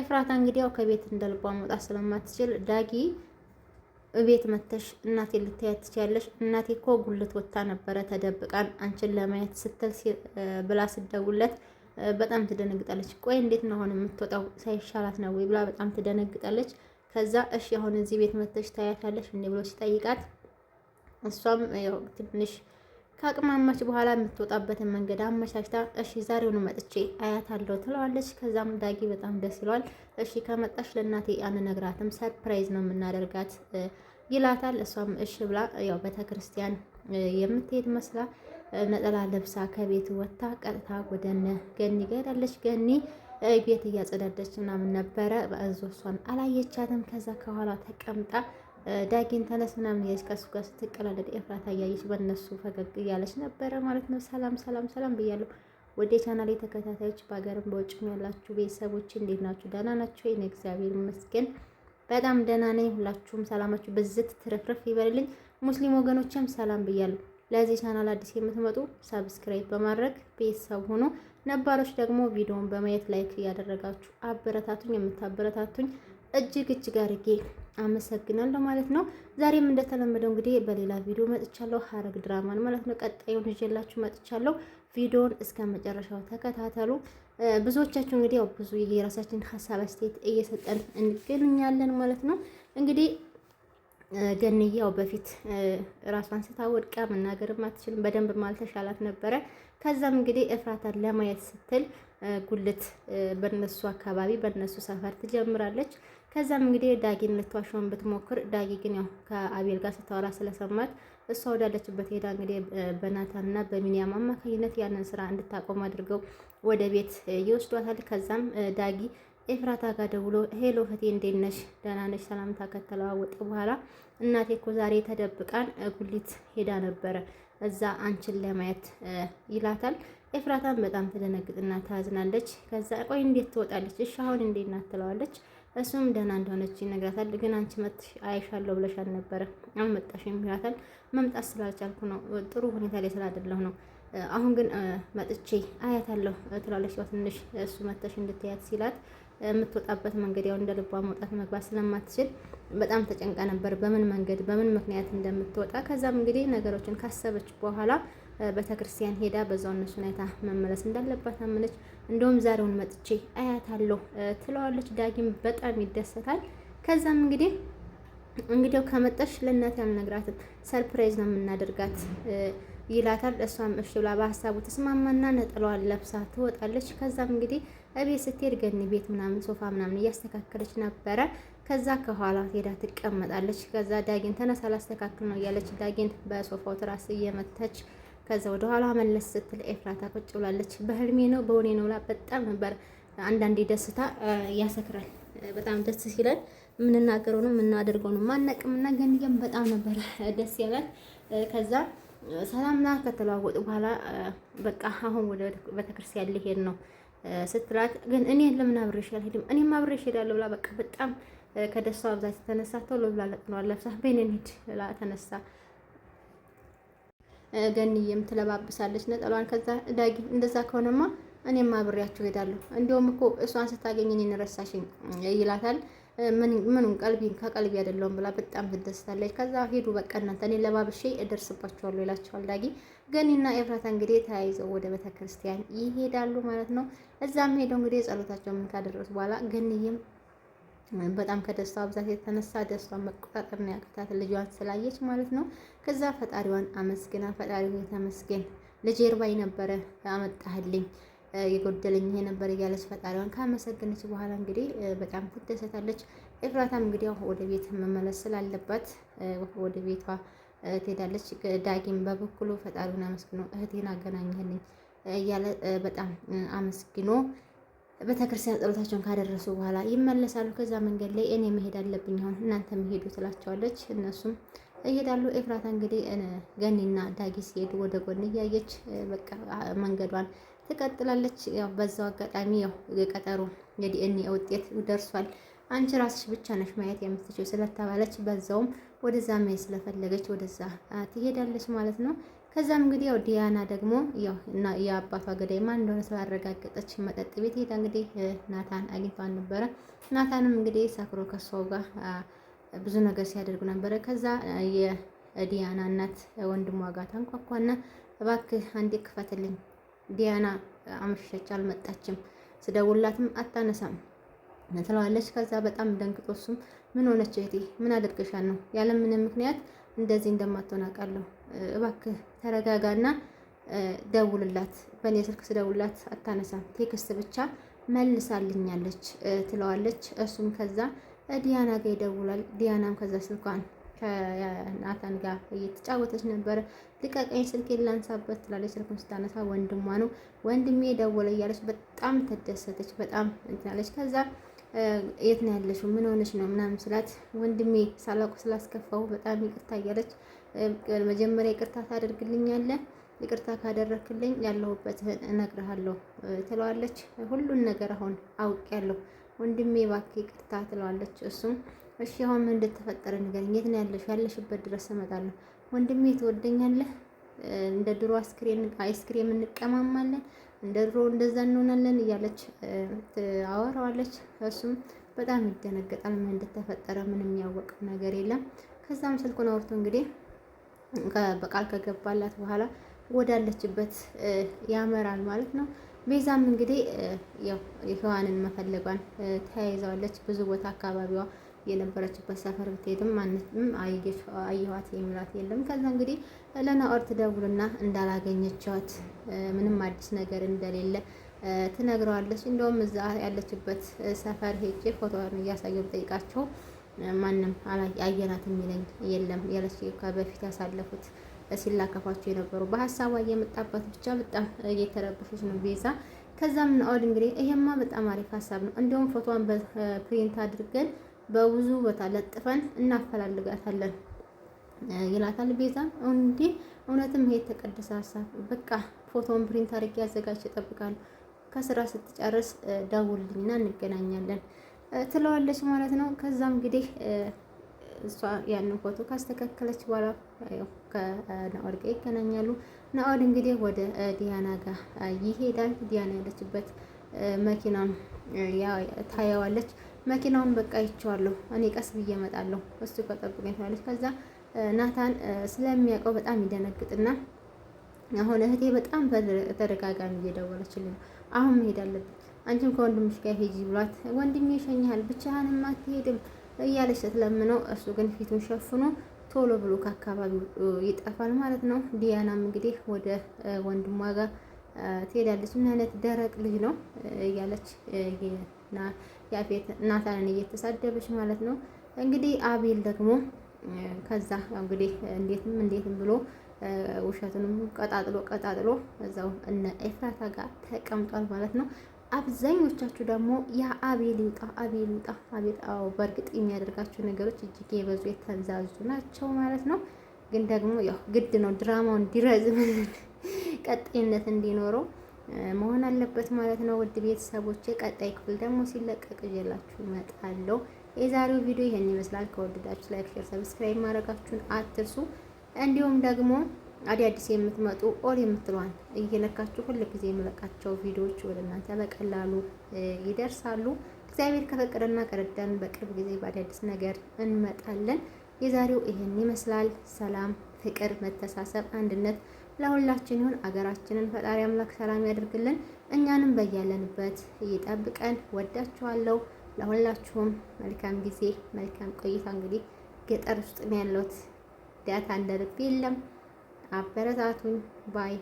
ኤፍራታ እንግዲህ ያው ከቤት እንደልቧ መውጣት ስለማትችል ዳጊ እቤት መተሽ እናቴ ልታያት ትችያለሽ። እናቴ እኮ ጉልት ወጥታ ነበረ ተደብቃን አንቺን ለማየት ስትል ብላ ስደውለት በጣም ትደነግጣለች። ቆይ እንዴት ነው አሁን የምትወጣው ሳይሻላት ነው ወይ ብላ በጣም ትደነግጣለች። ከዛ እሺ አሁን እዚህ ቤት መተሽ ታያታለሽ እንዴ ብሎ ሲጠይቃት እሷም ትንሽ ከአቅማማች በኋላ የምትወጣበትን መንገድ አመቻችታ እሺ ዛሬውኑ መጥቼ አያታለሁ ትለዋለች። ከዛም ዳጊ በጣም ደስ ይለዋል። እሺ ከመጣሽ ለእናቴ አንነግራትም ሰርፕራይዝ ነው የምናደርጋት ይላታል። እሷም እሺ ብላ ያው ቤተክርስቲያን የምትሄድ መስላ ነጠላ ለብሳ ከቤት ወጥታ ቀጥታ ወደ ገኒ ገሄዳለች። ገኒ ቤት እያጸዳደች ምናምን ነበረ በእዞ እሷን አላየቻትም። ከዛ ከኋላ ተቀምጣ ዳጊን ተነስ ምናምን እያለች ከሱ ጋር ስትቀላለድ ኤፍራታ እያየች በእነሱ ፈገግ እያለች ነበረ ማለት ነው። ሰላም ሰላም ሰላም ብያለሁ ወደ ቻናል የተከታታዮች በሀገርም በውጭም ያላችሁ ቤተሰቦች እንዴት ናችሁ? ደህና ናችሁ? ይህን እግዚአብሔር ይመስገን በጣም ደህና ነኝ። ሁላችሁም ሰላማችሁ ብዝት ትርፍርፍ ይበልልኝ። ሙስሊም ወገኖችም ሰላም ብያለሁ። ለዚህ ቻናል አዲስ የምትመጡ ሰብስክራይብ በማድረግ ቤተሰብ ሆኖ ነባሮች ደግሞ ቪዲዮውን በማየት ላይክ እያደረጋችሁ አበረታቱኝ። የምታበረታቱኝ እጅግ እጅግ አድርጌ አመሰግናለሁ ማለት ነው። ዛሬም እንደተለመደው እንግዲህ በሌላ ቪዲዮ መጥቻለሁ። ሀረግ ድራማን ማለት ነው ቀጣዩን ይዤላችሁ መጥቻለሁ። ቪዲዮውን እስከ መጨረሻው ተከታተሉ። ብዙዎቻችሁ እንግዲህ ያው ብዙ የራሳችን ሀሳብ አስተያየት እየሰጠን እንገኛለን ማለት ነው። እንግዲህ ገንዬ በፊት ራሷን ስታወድቃ መናገርም አትችልም በደንብ ማልተሻላት ነበረ። ከዛም እንግዲህ እፍራታን ለማየት ስትል ጉልት በነሱ አካባቢ በነሱ ሰፈር ትጀምራለች። ከዛም እንግዲህ ዳጊን ልትዋሸውን ብትሞክር ዳጊ ግን ያው ከአቤል ጋር ስታወራ ስለሰማት እሷ ወዳለችበት ሄዳ እንግዲህ በናታንና በሚኒያም አማካኝነት ያንን ስራ እንድታቆም አድርገው ወደ ቤት ይወስዷታል። ከዛም ዳጊ ኤፍራታ ጋር ደውሎ ሄሎ እህቴ እንዴት ነሽ? ደህና ነሽ? ሰላምታ ከተለዋወጠ በኋላ እናቴ እኮ ዛሬ ተደብቃን ጉሊት ሄዳ ነበረ እዛ አንቺን ለማየት ይላታል። ኤፍራታን በጣም ትደነግጥና ታዝናለች። ከዛ ቆይ እንዴት ትወጣለች? እሺ አሁን እንዴት ናት ትለዋለች። እሱም ደህና እንደሆነች ይነግራታል። ግን አንቺ መጥሽ አይሻለሁ ብለሽ አልነበረ አልመጣሽም ይላታል። መምጣት ስላልቻልኩ ነው ጥሩ ሁኔታ ላይ ስላደለሁ ነው። አሁን ግን መጥቼ አያታለሁ ትላለች። ያው ትንሽ እሱ መጥተሽ እንድትያት ሲላት የምትወጣበት መንገድ ያው እንደ ልቧ መውጣት መግባት ስለማትችል በጣም ተጨንቃ ነበር፣ በምን መንገድ በምን ምክንያት እንደምትወጣ። ከዛም እንግዲህ ነገሮችን ካሰበች በኋላ ቤተክርስቲያን ሄዳ በዛው እነሱ አይታ መመለስ እንዳለባት አምነች። እንደውም ዛሬውን መጥቼ አያታለሁ ትለዋለች። ዳጊም በጣም ይደሰታል። ከዛም እንግዲህ እንግዲያው ከመጣሽ ለእናት ያልነግራትም ሰርፕራይዝ ነው የምናደርጋት ይላታል። እሷም እሺ ብላ በሀሳቡ ተስማማና ነጠላዋን ለብሳ ትወጣለች። ከዛም እንግዲህ እቤት ስትሄድ ገኒ ቤት ምናምን ሶፋ ምናምን እያስተካከለች ነበረ። ከዛ ከኋላ ሄዳ ትቀመጣለች። ከዛ ዳጊን ተነሳ ላስተካክል ነው እያለች ዳጊን በሶፋው ትራስ እየመተች ከዛ ወደ ኋላ መለስ ስትል ኤፍራታ ቁጭ ብላለች። በህልሜ ነው በሆኔ ነው ብላ በጣም ነበር። አንዳንዴ ደስታ ያሰክራል። በጣም ደስ ሲለን የምንናገረው ነው የምናደርገው ነው ማናቅምና ገንየም በጣም ነበር ደስ ያላል። ከዛ ሰላምና ከተለዋወጡ በኋላ በቃ አሁን ወደ ቤተክርስቲያን ሊሄድ ነው ስትላት፣ ግን እኔ ለምን አብሬሽ አልሄድም እኔም አብሬሽ ሄዳለሁ ብላ በቃ በጣም ከደስታው አብዛት ተነሳ። ቶሎ ብላ ለቅነዋል ለብሳ በኔ እንሂድ ብላ ተነሳ። ገንዬም ትለባብሳለች ነጠሏን። ከዛ ዳጊ እንደዛ ከሆነማ እኔም አብሬያቸው ሄዳለሁ፣ እንዲሁም እኮ እሷን ስታገኝ እኔን ረሳሽኝ ይላታል። ምኑን ቀልቢን ከቀልቢ አይደለውም ብላ በጣም ትደስታለች። ከዛ ሄዱ በቃ እናንተ እኔ ለባብሼ እደርስባችኋለሁ ይላቸዋል ዳጊ። ገኒና ኤፍራታ እንግዲህ ተያይዘው ወደ ቤተክርስቲያን ይሄዳሉ ማለት ነው። እዛም ሄደው እንግዲህ ጸሎታቸው ምን ካደረሱ በኋላ ገኒዬም በጣም ከደስታዋ ብዛት የተነሳ ደስታዋን መቆጣጠር ነው ያቃታት ልጇን ስላየች ማለት ነው። ከዛ ፈጣሪዋን አመስግና ፈጣሪ ተመስገን ልጄ እርባኝ ነበረ አመጣህልኝ የጎደለኝ ይሄ ነበር እያለች ፈጣሪዋን ካመሰገነች በኋላ እንግዲህ በጣም ትደሰታለች። ኤፍራታም እንግዲህ ወደ ቤት መመለስ ስላለባት ወደ ቤቷ ትሄዳለች። ዳጊም በበኩሉ ፈጣሪውን አመስግኖ እህቴን አገናኘልኝ እያለ በጣም አመስግኖ ቤተክርስቲያን ጸሎታቸውን ካደረሱ በኋላ ይመለሳሉ። ከዛ መንገድ ላይ እኔ መሄድ አለብኝ አሁን እናንተ መሄዱ ትላቸዋለች እነሱም እየሄዳሉ። ኤፍራታ እንግዲህ ገኒና ዳጊ ሲሄዱ ወደ ጎን እያየች በቃ መንገዷን ትቀጥላለች። ያው በዛው አጋጣሚ ያው የቀጠሩ የዲኤንኤ ውጤት ደርሷል። አንቺ ራስሽ ብቻ ነሽ ማየት የምትችው ስለተባለች በዛውም ወደዛ ማየት ስለፈለገች ወደዛ ትሄዳለች ማለት ነው። ከዛም እንግዲህ ያው ዲያና ደግሞ ያው እና የአባቷ ገዳይ ማን እንደሆነ ስላረጋገጠች መጠጥ ቤት ሄዳ እንግዲህ ናታን አግኝቷን ነበረ። ናታንም እንግዲህ ሰክሮ ከሷው ጋር ብዙ ነገር ሲያደርጉ ነበረ። ከዛ የዲያና እናት ወንድሟ ጋር ታንኳኳና እባክህ አንዴ ክፈትልኝ፣ ዲያና አመሸች አልመጣችም፣ ስደውላትም አታነሳም ትለዋለች። ከዛ በጣም ደንግጦ እሱም ምን ሆነች እህቴ፣ ምን አድርገሻል ነው ያለምንም ምክንያት እንደዚህ እንደማትሆን አውቃለሁ፣ እባክህ ተረጋጋና ደውልላት። በእኔ ስልክ ስደውላት አታነሳም፣ ቴክስት ብቻ መልሳልኛለች ትለዋለች። እሱም ከዛ ዲያና ጋር ይደውላል። ዲያናም ከዛ ስልኳን ከናታን ጋር እየተጫወተች ነበረ። ልቀቀኝ ስልክ ላንሳበት ትላለች። ስልኩን ስታነሳ ወንድሟ ነው። ወንድሜ ደወለ እያለች በጣም ተደሰተች። በጣም እንትናለች። ከዛ የት ነው ያለሽው? ምን ሆነች ነው ምናምን ስላት ወንድሜ ሳላውቅ ስላስከፋው በጣም ይቅርታ እያለች መጀመሪያ ይቅርታ ታደርግልኛለህ? ይቅርታ ካደረክልኝ ያለሁበትን እነግርሃለሁ ትለዋለች። ሁሉን ነገር አሁን አውቅ ያለሁ ወንድሜ እባክህ ይቅርታ ትለዋለች። እሱም እሺ አሁን ምን እንደተፈጠረ ንገረኝ፣ የት ነው ያለሽ? ያለሽበት ድረስ እመጣለሁ። ወንድሜ ትወደኛለህ? እንደ ድሮ አይስክሬም አይስክሬም እንቀማማለን፣ እንደ ድሮ እንደዛ እንሆናለን እያለች አወራዋለች። እሱም በጣም ይደነገጣል። ምን እንደተፈጠረ ምንም የሚያወቀው ነገር የለም። ከዛም ስልኩን አውርቶ እንግዲህ በቃል ከገባላት በኋላ ወዳለችበት ያመራል ማለት ነው። ቤዛም እንግዲህ ያው ህዋንን መፈለጓን ተያይዘዋለች። ብዙ ቦታ አካባቢዋ የነበረችበት ሰፈር ብትሄድም ማንም አየኋት የሚላት የለም። ከዛ እንግዲህ ለናኦር ትደውልና እንዳላገኘቻት ምንም አዲስ ነገር እንደሌለ ትነግረዋለች። እንደውም እዛ ያለችበት ሰፈር ሄጄ ፎቶዋን እያሳየሁ ብጠይቃቸው ማንም አየናት የሚለኝ የለም ያለች ከበፊት ያሳለፉት ሲላከፋቸው የነበሩ በሀሳቧ እየመጣባት ብቻ በጣም እየተረበሸች ነው ቤዛ። ከዛም ናኦል እንግዲህ ይሄማ በጣም አሪፍ ሀሳብ ነው፣ እንዲሁም ፎቶዋን በፕሪንት አድርገን በብዙ ቦታ ለጥፈን እናፈላልጋታለን ይላታል። ቤዛ እንዴ እውነትም ይሄ የተቀደሰ ሀሳብ በቃ ፎቶን ፕሪንት አድርጌ አዘጋጅ ይጠብቃሉ። ከስራ ስትጨርስ ደውልኝና እንገናኛለን ትለዋለች ማለት ነው። ከዛም እንግዲህ እሷ ያንን ፎቶ ካስተካከለች በኋላ ከናኦድ ጋር ይገናኛሉ። ናኦድ እንግዲህ ወደ ዲያና ጋር ይሄዳል። ዲያና ያለችበት መኪናን ታየዋለች። መኪናውን በቃ ይቸዋለሁ፣ እኔ ቀስ ብዬ እመጣለሁ፣ እሱ ከጠብቀኝ ትላለች። ከዛ ናታን ስለሚያውቀው በጣም ይደነግጥና አሁን እህቴ በጣም ተደጋጋሚ እየደወለችልኝ አሁን መሄድ አለብኝ፣ አንቺም ከወንድምሽ ጋር ሂጂ ብሏት፣ ወንድሜ ይሸኝሃል፣ ብቻህንም አትሄድም እያለች ስትለምነው እሱ ግን ፊቱን ሸፍኖ ቶሎ ብሎ ከአካባቢው ይጠፋል ማለት ነው። ዲያናም እንግዲህ ወደ ወንድሟ ጋር ትሄዳለች። ምን አይነት ደረቅ ልጅ ነው እያለች ያፌት ናታንን እየተሳደበች ማለት ነው። እንግዲህ አቤል ደግሞ ከዛ እንግዲህ እንዴትም እንዴትም ብሎ ውሸቱንም ቀጣጥሎ ቀጣጥሎ እዛው እነ ኤፍራታ ጋር ተቀምጧል ማለት ነው። አብዛኞቻችሁ ደግሞ ያ አቤል ይውጣ አቤል ይውጣ አቤል አዎ፣ በእርግጥ የሚያደርጋቸው ነገሮች እጅግ የበዙ የተዛዙ ናቸው ማለት ነው። ግን ደግሞ ያው ግድ ነው ድራማው እንዲረዝም ቀጣይነት እንዲኖረው መሆን አለበት ማለት ነው። ውድ ቤተሰቦች ቀጣይ ክፍል ደግሞ ሲለቀቅ ይዤላችሁ እመጣለሁ። የዛሬው ቪዲዮ ይሄን ይመስላል። ከወደዳችሁ ላይክ፣ ሼር፣ ሰብስክራይብ ማድረጋችሁን አትርሱ። እንዲሁም ደግሞ አዳዲስ የምትመጡ ኦል የምትሏን እየነካችሁ ሁል ጊዜ የምለቃቸው ቪዲዮዎች ወደ እናንተ በቀላሉ ይደርሳሉ። እግዚአብሔር ከፈቀደና ከረዳን በቅርብ ጊዜ በአዳዲስ ነገር እንመጣለን። የዛሬው ይሄን ይመስላል። ሰላም፣ ፍቅር፣ መተሳሰብ፣ አንድነት ለሁላችን ይሁን። አገራችንን ፈጣሪ አምላክ ሰላም ያደርግልን፣ እኛንም በያለንበት ይጠብቀን። ወዳችኋለሁ። ለሁላችሁም መልካም ጊዜ፣ መልካም ቆይታ። እንግዲህ ገጠር ውስጥ ነው ያለሁት፣ ዳታ እንደ የለም አበረታቱን ባይ